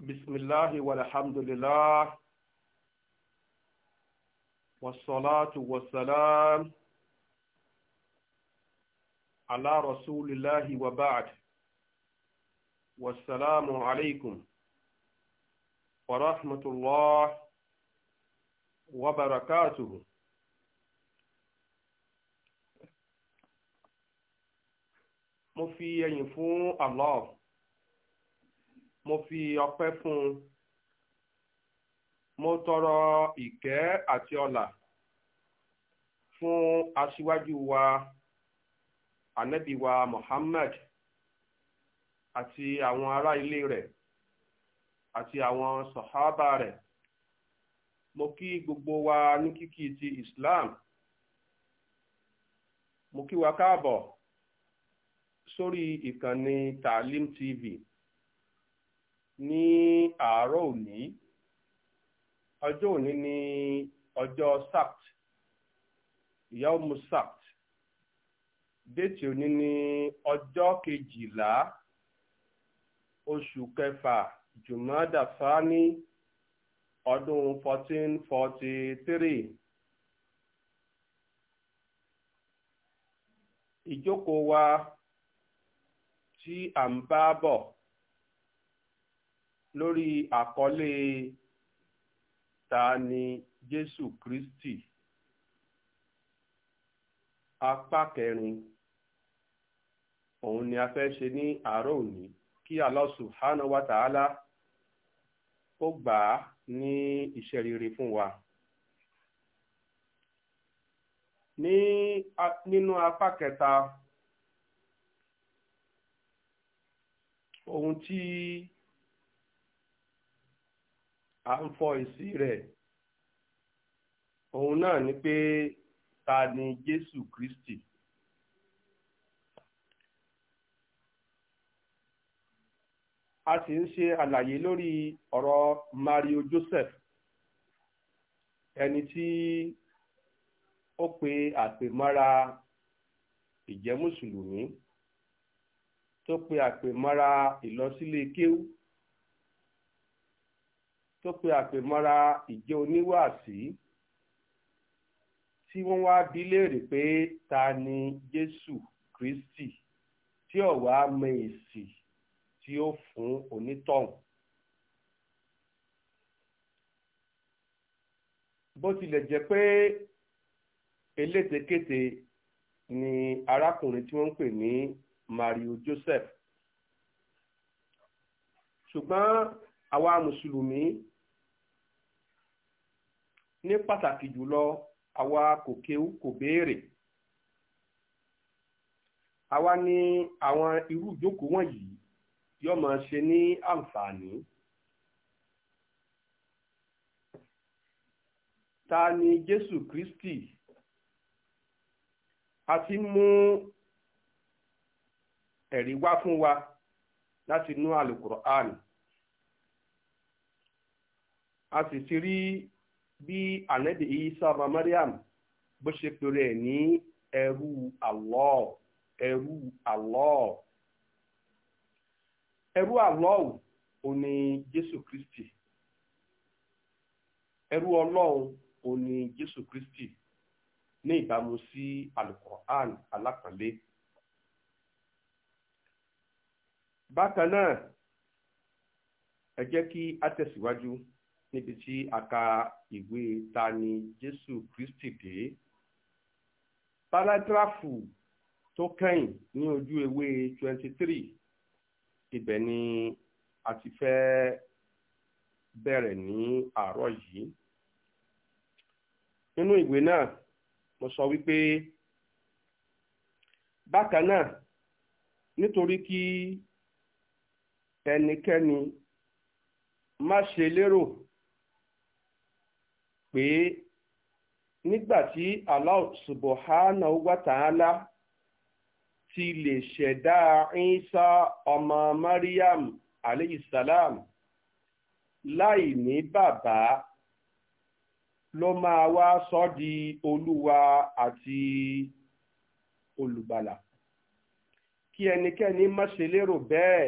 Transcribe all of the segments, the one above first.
بسم الله والحمد لله والصلاة والسلام على رسول الله وبعد والسلام عليكم ورحمة الله وبركاته mo fi ẹ̀yìn fún Allah mo fi ọpẹ́ fún un mo tọrọ ìkẹ́ àti ọlà fún aṣíwájú wa ànábì wa Muhammad àti àwọn ará ilé rẹ̀ àti àwọn sàhábà rẹ̀ mo kí gbogbo wa ní kíkí ti Islam mo kí wa káàbọ̀ sórí ìkànnì Taalim TV. ní àárọ̀ òní ọjọ́ òní ní ọjọ́ sapt yawmu sapt déètì òní ní ọjọ́ kejìlá oṣù kẹfà jùmọ́dà fani ọdún fourteen forty three. ìjókòó wa tí à ń bá bọ̀. lórí àkọlé tani ni Jésù Kristi apá kẹrin òun ni a fẹ́ ṣe ní àárọ̀ òní kí Allah subhanahu wa ta'ala ó gbà á ní iṣẹ́ rere fún wa. ní nínú apá kẹta ohun tí. à ń fọ èsì rẹ òun náà ni pé ta ni Jésù Kristi. a sì ń ṣe àlàyé lórí ọ̀rọ̀ Mario Joseph ẹni tí ó pe mara ije mùsùlùmí tó pe àpèmọ́ra ìlọsílé kéwú. tó pe àpèmọ́ra ìjẹ́ oníwàásí tí wọ́n wá bi léèrè pé ta ni Jésù Kristi tí ọ̀wá mọ èsì tí ó fún onítọ̀hún. bó tilẹ̀ jẹ́ pé elétekéte ni arákùnrin tí wọ́n ń pè ní Mario Joseph ṣùgbọ́n àwa mùsùlùmí ní pàtàkì jùlọ àwa kò kéwú kò béèrè àwa ní àwọn irú ìjókòó wọ̀nyí yóò máa ṣe ní àǹfààní. ta ni Jésù Kristi a ti mú ẹ̀rí wá fún wa láti inú àlùkùránì a sì ti rí bí ànábì Isa ọmọ Mariam bó ṣe pèrè ní ẹrú Allah ẹrú Kristi ẹrú Ọlọ́run ò Jésù Kristi ní ìbámu sí alukoran alápàlẹ. bákan náà kí a tẹ̀síwájú. níbi tí a ka ìwé ta ni Jésù Kristi dé párágráfù tó kẹ́yìn ní ojú ewé twenty three ibẹ̀ ni a ti fẹ́ bẹ̀rẹ̀ ní àárọ̀ yìí nínú ìwé náà mo sọ wípé bákan náà nítorí kí ẹnikẹ́ni má ṣe lérò pé nígbà tí Allah subhanahu wa ta'ala ti lè ṣẹ̀dá Ìsá ọmọ Maryam aleyhisalaam láì ní bàbá ló máa wá sọ di olúwa àti olùgbàlà kí ẹnikẹ́ni má ṣe lérò bẹ́ẹ̀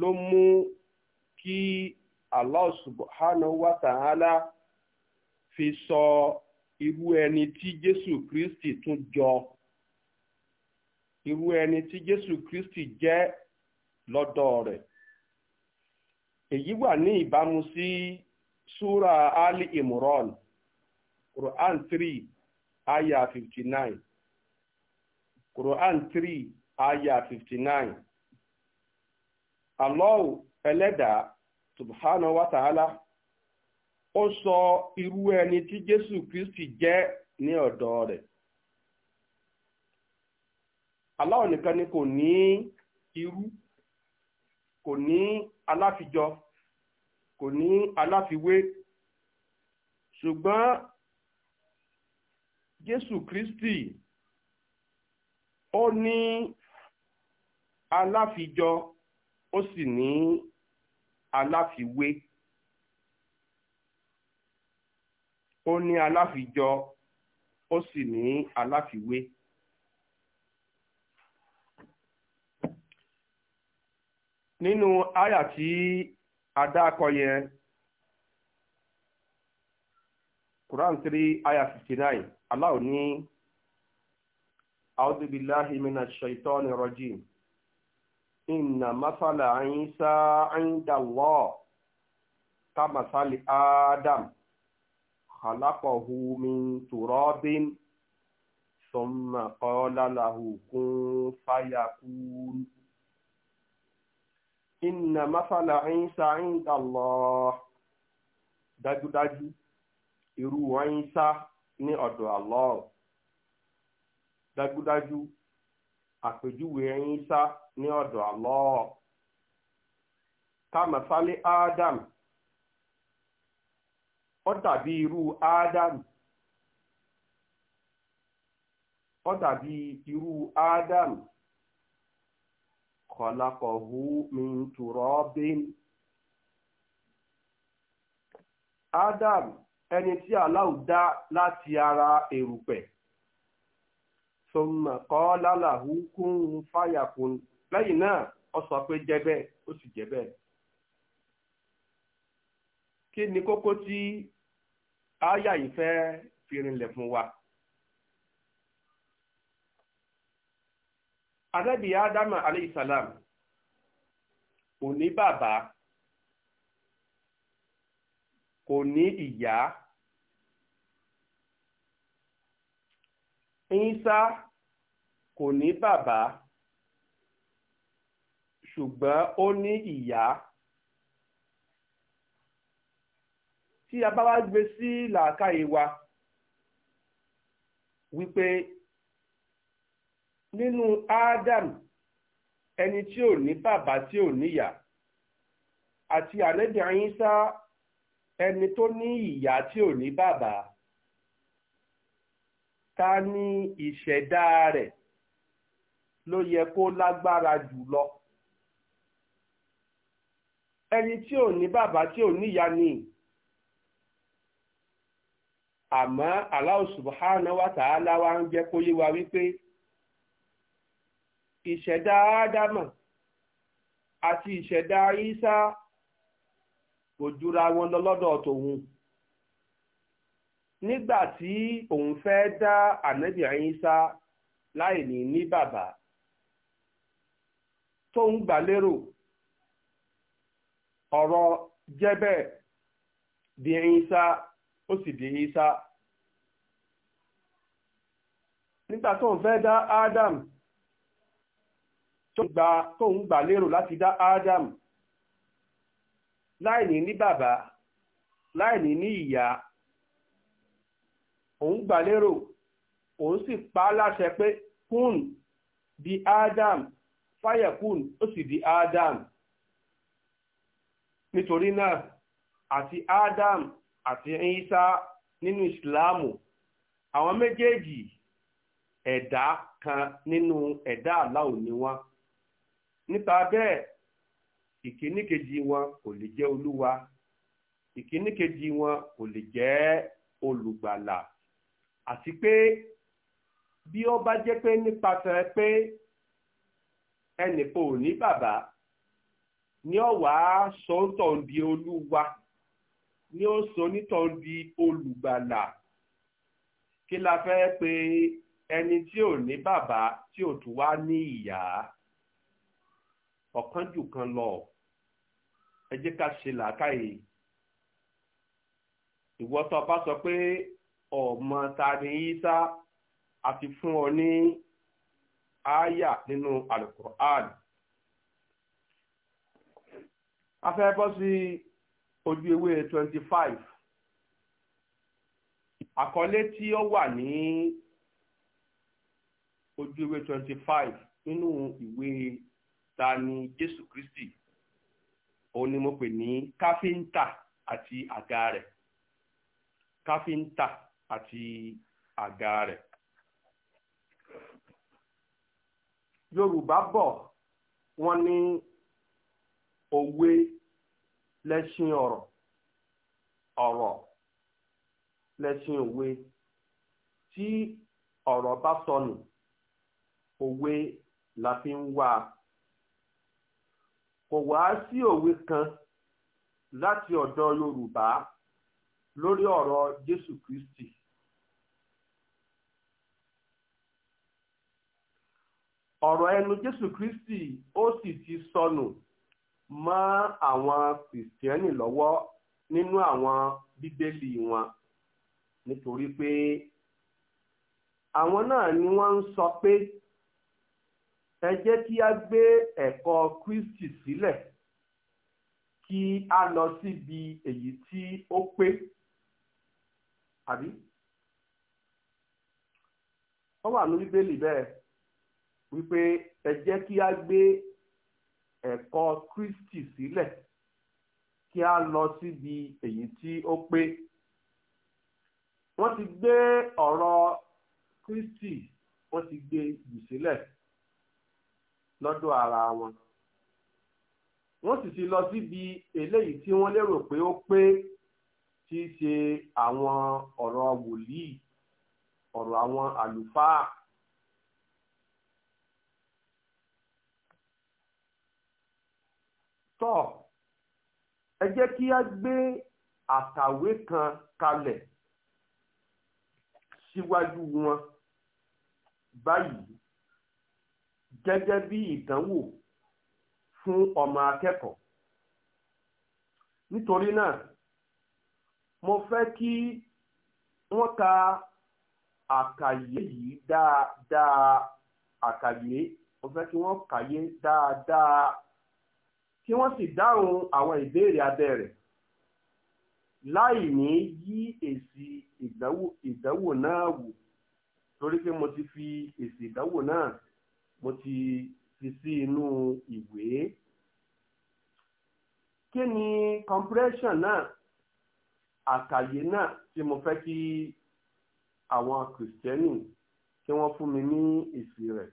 ló mú kí Allah subhanahu wa ta'ala fi sọ irú ẹni tí Jésù Kristi tún jọ irú ẹni tí Jésù Kristi jẹ lọ́dọ̀ rẹ̀ èyí wà ní ìbámu sí súra Ali Imran Quran three aya fifty nine Quran three aya fifty nine Allah ẹlẹ́dàá subhanahu wa ta'ala ó sọ irú ẹni tí jésù kristi jẹ́ ní ọ̀dọ̀ rẹ̀ aláwọn nìkan ni kò ní irú kò ní aláfijọ kò ní aláfiwé ṣùgbọ́n jésù kristi ó ní aláfijọ ó sì ní aláfiwé ó ní aláfijọ ó sì ní aláfiwé. nínú àyà tí adákọ yẹn Quran three aya fifty nine ní a'udhu minash shaitani inna masala isa inda allah ka masali adam khalaqahu min turabin thumma qala lahu kun fayakun inna masala isa inda allah dájúdájú irú isa ní ọ̀dọ̀ allah dájúdájú àpèjúwe ẹyin sá ní ọ̀dọ̀ Allah kàmàfálẹ Adam ó dàbí irú Adam ó dàbí irú Adam khalaqahu min turabin Adam ẹni tí Allah láti ara erùpẹ̀. E sọmọ kọ́ lálàhù kún fàyàkùn lẹ́yìn náà ó sọ pé jẹ́ bẹ́ẹ̀ ó sì jẹ́ bẹ́ẹ̀. kí ni kókó tí áyà yìí fẹ́ fi rinlẹ̀ fún wa. Ànábì Ádámà aleyhisalam kò ní bàbá kò ní ìyá. Ìsá kò ní bàbá ṣùgbọ́n ó ní ìyá. Tí a bá wá gbé sí làákàyè wa wípé nínú Ádám ẹni tí ò ní bàbá tí ò níyá àti àlejò Ìsá ẹni tó ní ìyá tí ò ní bàbá. ká ní ìṣẹ̀dá rẹ̀ ló yẹ kó lágbára jùlọ ẹni tí ò ní bàbá tí ò níyá ni àmọ́ Allah subhanahu wa ta'ala ń jẹ́ kó yé wa wípé ìṣẹ̀dá ádámà àti ìṣẹ̀dá Ìsá kò jura wọn lọ lọ́dọ̀ tòun. nígbà tí òun fẹ́ dá ànábì Ìsá láì ní ní bàbá tó ń gbà lérò ọ̀rọ̀ jẹ́bẹ̀ di Ìsá ó sì di Ìsá nígbà tó ń fẹ́ dá Adam tó ń gbà lérò láti dá Adam láì ní ní bàbá láì ní ní ìyá òun gbà lérò òun sì pa á láṣẹ pé kun di Adam fayakun ó sì di Adam nítorí náà àti Adam àti Isa nínú Ìsìláàmù àwọn méjèèjì ẹ̀dá kan nínú ẹ̀dá aláwò ni wọ́n nípa bẹ́ẹ̀ ìkíníkejì wọn kò lè jẹ́ olúwa ìkíníkejì wọn kò lè jẹ́ olùgbàlà àti pé bí ó bá jẹ́ pé nípasẹ̀ pé ẹnìkan ò ní bàbá ni ó wà á sọ tọ̀ di olúwa ni ó sọ nítọ̀ ń di olùgbàlà kí la fẹ́ pé ẹni tí ò ní bàbá tí ò tún wá ní ìyá ọ̀kan jù kan lọ ẹ jẹ́ ká ṣe làákàyè ìwọ bá sọ pé ọmọ ta ni Isa àti fún ọ ní àyà nínú alukur'an a fẹ́ bọ́ sí ojú ewé twenty five àkọlé tí ó wà ní ojú ewé twenty five nínú ìwé ta ni Jésù Kristi òun ni mo pè ní káfíńtà àti àga rẹ̀ káfíńtà àti àga rẹ̀. yorùbá bọ̀ wọ́n ní òwe lẹ́ṣin ọ̀rọ̀ ọ̀rọ̀ lẹ́ṣin òwe tí ọ̀rọ̀ bá sọnù òwe la fi ń wá a kò wá sí òwe kan láti ọ̀dọ̀ yorùbá lórí ọ̀rọ̀ jésù kristi ọ̀rọ̀ ẹnu jésù kristi ó sì ti sọnù mọ́ àwọn kìrìsìtẹ́nì lọ́wọ́ nínú àwọn bíbélì wọn nítorí pé àwọn náà ni wọ́n ń sọ pé ẹ jẹ́ kí a gbé ẹ̀kọ́ kristi sílẹ̀ kí a lọ síbi èyí tí ó pé àbí wọ́n wà ní bíbélì bẹ́ẹ̀. wípé ẹ jẹ́ kí a gbé ẹ̀kọ́ Kristi sílẹ̀ kí a lọ síbi èyí tí ó pé wọ́n ti gbé ọ̀rọ̀ Kristi wọ́n ti gbé jù sílẹ̀ lọ́dọ̀ ara wọn wọ́n sì ti lọ síbi eléyìí tí wọ́n lérò pé ó pé tí í ṣe àwọn ọ̀rọ̀ wòlíì ọ̀rọ̀ àwọn àlùfáà tọ́ ẹ jẹ́ kí a gbé àkàwé kan kalẹ̀ síwájú wọn báyìí gẹ́gẹ́ bí ìdánwò fún ọmọ akẹ́kọ̀ọ́ nítorí náà mo fẹ́ kí wọ́n ka àkàyé yìí dáadáa àkàyé mo fẹ́ kí wọ́n kàyé dáadáa kí wọ́n sì dáhùn àwọn ìbéèrè abẹ́ rẹ̀ láì ní yí èsì ìdánwò náà wò torí pé mo ti fi èsì ìdánwò náà mo ti fi sí inú ìwé. kí ni compression náà àkàyé náà tí mo fẹ́ kí àwọn kìrìsìtẹ́nì kí wọ́n fún mi ní èsì rẹ̀.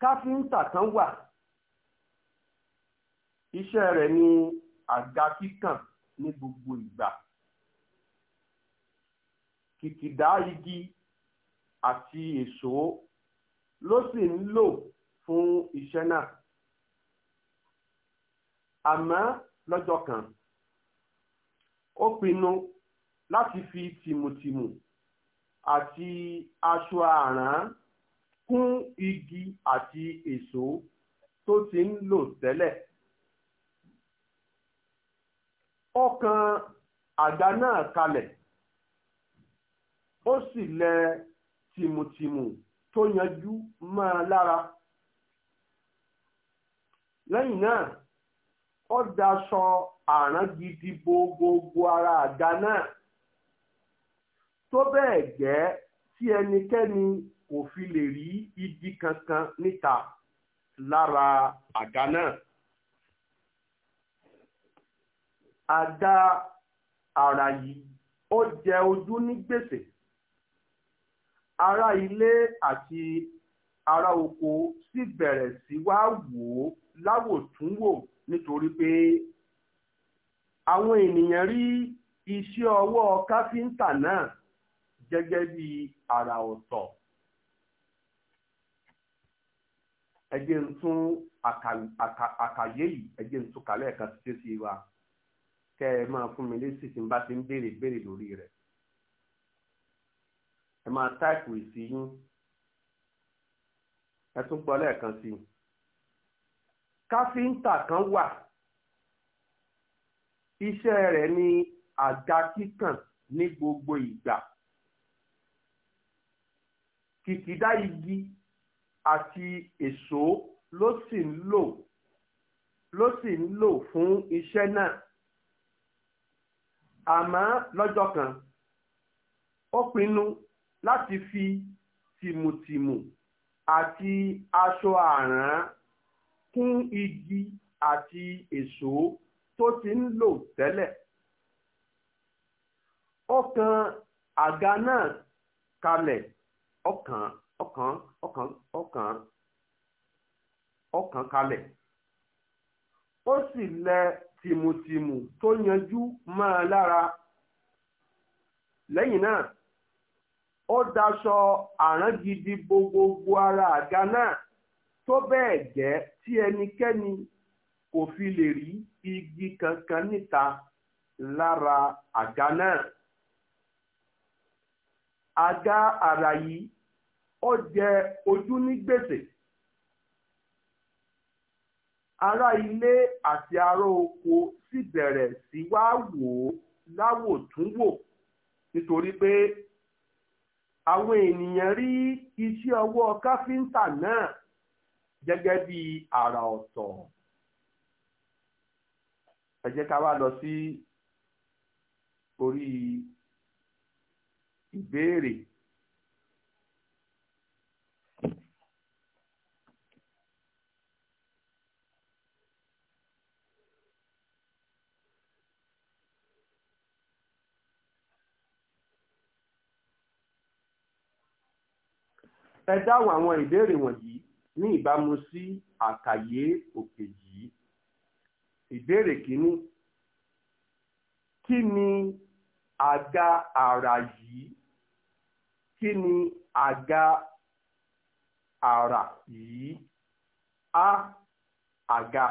káfíńtà kan wà iṣẹ́ rẹ̀ ni àga kíkàn ní gbogbo ìgbà kìkìdá igi àti èso ló sì ń lò fún iṣẹ́ náà àmọ́ lọ́jọ́ kan ó pinnu láti fi tìmùtìmù àti aṣọ àrán kún igi àti èso tó ti ń lò tẹ́lẹ̀. ọkàn àga náà kalẹ̀ ó sì lẹ tìmùtìmù tó yanjú máa lára lẹ́yìn náà ó daṣọ àrán gidi bo gbogbo ara àga náà tó bẹ́ẹ̀ gẹ́ tí ẹnikẹ́ni kò fi lè rí igi kankan níta lára àga náà. àdá àrà yìí ó jẹ ojú ní gbèsè ara ilé àti ará oko sì bẹ̀rẹ̀ sí wá wò ó láwòtúnwò nítorí pé àwọn ènìyàn rí iṣẹ́ ọwọ́ káfíńtà náà gẹ́gẹ́ bí ara ọ̀tọ̀. ẹ jẹ́ ń tún àkàyé yìí ẹ ń tún kàlẹ́ ẹ̀ka ṣiṣẹ́ sí wa. kẹ ẹ máa fún mi lésì tí n bá ti ń béèrè béèrè lórí rẹ ẹ máa táìpù èsì yín ẹ tún gbọ́ lẹ́ẹ̀kan sí i káfíńtà kan wà iṣẹ́ rẹ̀ ni àga kíkàn ní gbogbo ìgbà kìkìdá igi àti èso ló sì ń lò ló sì ń lò fún iṣẹ́ náà àmọ́ lọ́jọ́ kan ó pinnu láti fi tìmùtìmù àti aṣọ àrán kún igi àti èso tó ti ń lò tẹ́lẹ̀ ó kan àga náà kalẹ̀ ọkàn ọkàn ọkàn ọkàn ọkàn kalẹ̀ ó sì lẹ̀ tìmùtìmù tó yanjú máa lára lẹ́yìn náà ó daṣọ àrán gidi bo gbogbo ara àga náà tó bẹ́ẹ̀ gẹ́ tí ẹnikẹ́ni kò fi lè rí igi kankan níta lára àga náà àga àrà yìí ó jẹ ojú ní gbèsè. ara ilé àti ara oko sì bẹ̀rẹ̀ sí wá wò ó láwòtúnwò nítorí pé àwọn ènìyàn rí iṣẹ́ ọwọ́ káfíńtà náà gẹ́gẹ́ bí ara ọ̀tọ̀. ẹ jẹ́ ká wá lọ sí orí ìbéèrè. ẹ dáhùn àwọn ìbéèrè wọ̀nyí ní ìbámu sí àkàyé òkè yìí. Ìbéèrè kìíní. Kí ni àga àrà yìí? Kí ni àga àrà yìí? A. Àga.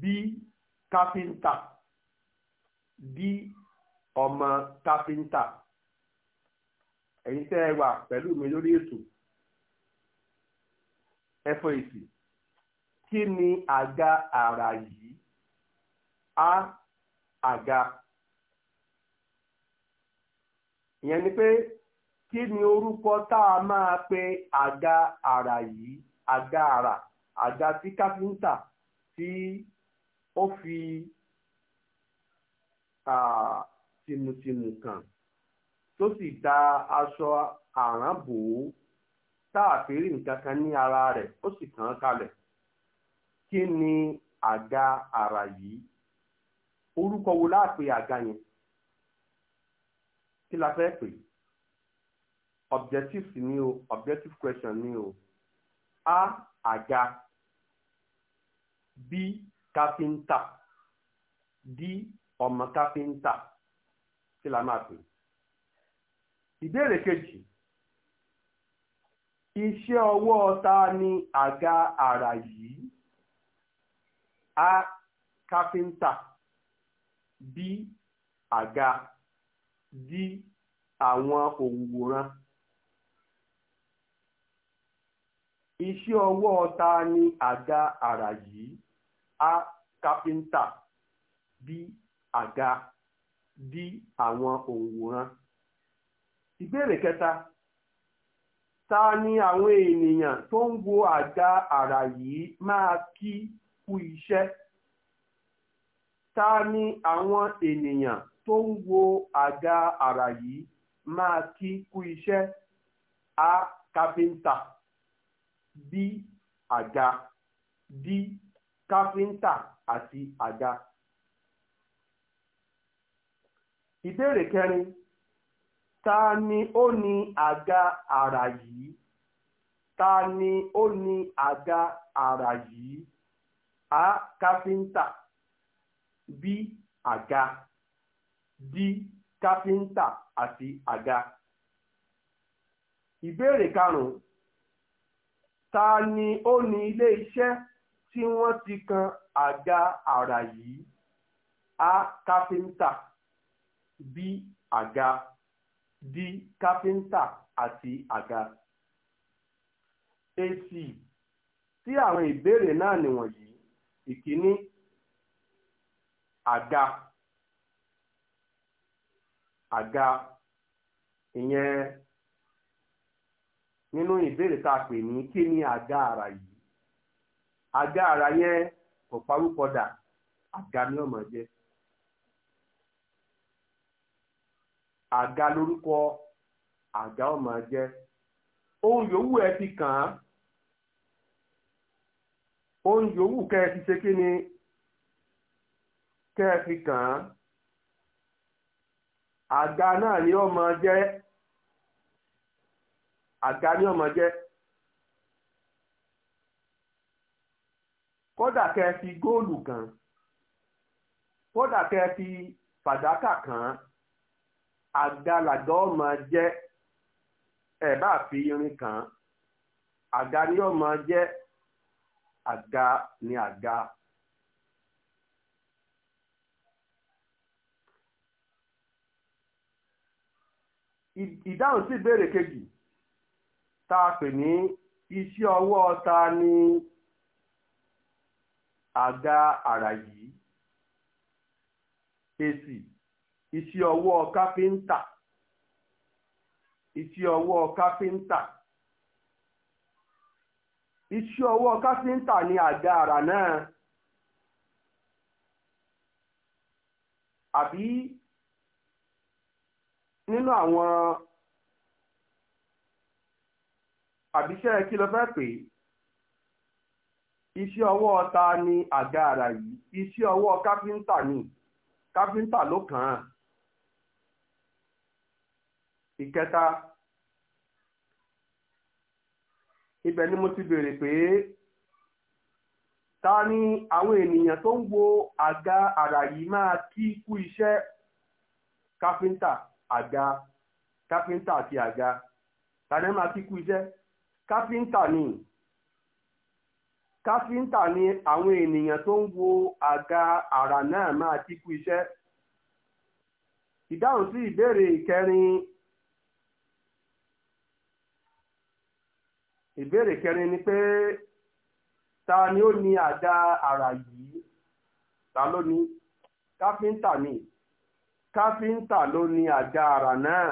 B. Káfíńtà. D. Ọmọ káfíńtà ẹ̀yin tẹ́ ẹ wà pẹ̀lú mi lórí ètò ẹ fọ èsì kí ni àga àrà yìí a àga ìyẹn ni pé kí ni orúkọ tá a máa pe àga àrà yìí àga àrà àga tí káfíńtà tí ó fi tìmùtìmù kàn tó sì da aṣọ àrán bò ó tá a fi rí nǹkan kan ní ara rẹ̀ ó sì kàn án kalẹ̀ kí ni àga àrà yìí orúkọ wo láàpè àga yẹn kí la fẹ́ pè objective ni o objective question ni o a àga b káfíńtà d ọmọ káfíńtà kí la máa pè ìbéèrè kejì iṣẹ́ ọwọ́ ta ni àga àrà yìí a káfíńtà b àga d àwọn òǹwòran iṣẹ́ ọwọ́ ta ni àga àrà yìí a káfíńtà b àga d àwọn òǹwòran. ìbéèrè kẹta ta ni àwọn ènìyàn tó ń wo àga àrà yìí máa kí kú iṣẹ́ ta ni àwọn ènìyàn tó ń wo a kápẹ́ńtà b àga d kápẹ́ńtà àti àga. ìbéèrè kẹrin ta ni ó ní àga àrà yìí ta ni ó ní àga àrà yìí a káfíńtà b àga d káfíńtà àti àga ìbéèrè karùnún ta ni ó ní ilé iṣẹ́ tí wọ́n ti kan àga àrà yìí a káfíńtà b àga. di kápẹ́ńtà àti àga. èsì tí àwọn ìbéèrè náà nìwọ̀nyí ìkíní àga àga ìyẹn nínú ìbéèrè tá a pè ní kí ni àga ara yìí àga ara yẹn kò parúkọ dà àga ni ọmọ àga lórúkọ àga ó máa jẹ́ ohun yòówù ẹ ti kàn án ohun yòówù kẹ́ ẹ ti ṣe kí ni kẹ́ ẹ fi kàn án àga náà ni ó máa jẹ́ àga ni ó máa kódà kẹ́ ẹ fi góòlù kàn án kódà kẹ́ ẹ fi fàdákà kàn án. àga làgọ́ ọmọ jẹ́ ẹ̀ bá fi irin kàn án àga ni ọmọ jẹ, àga ni àga. ìdáhùn sí ìbéèrè kejì tá a pè ní iṣẹ́ ọwọ́ ta ni àga àrà yìí èsì. Si. Ise ọwọ kapinta Ise ọwọ kapinta Ise ọwọ kapinta ni agaara naa, abi ninu awọn abise kilomita Ise ọwọ taa ni agaara yi Ise ọwọ kapinta ni kapinta lo ka. ìkẹta ibẹ̀ ni mo ti bèèrè pé ta ni àwọn ènìyàn tó ń wo àga àrà yìí máa kí kú iṣẹ́ káfíńtà àga káfíńtà àti àga ta ni máa kí kú iṣẹ́ káfíńtà ni káfíńtà ni àwọn ènìyàn tó ń wo àga àrà náà máa kí kú iṣẹ́ ìdáhùn sí ìbéèrè ìkẹrin ìbéèrè kẹrin ni pé ta ni ó ní àdá àrà yìí ta ló ní káfíńtà ni káfíńtà ló ní àdá àrà náà.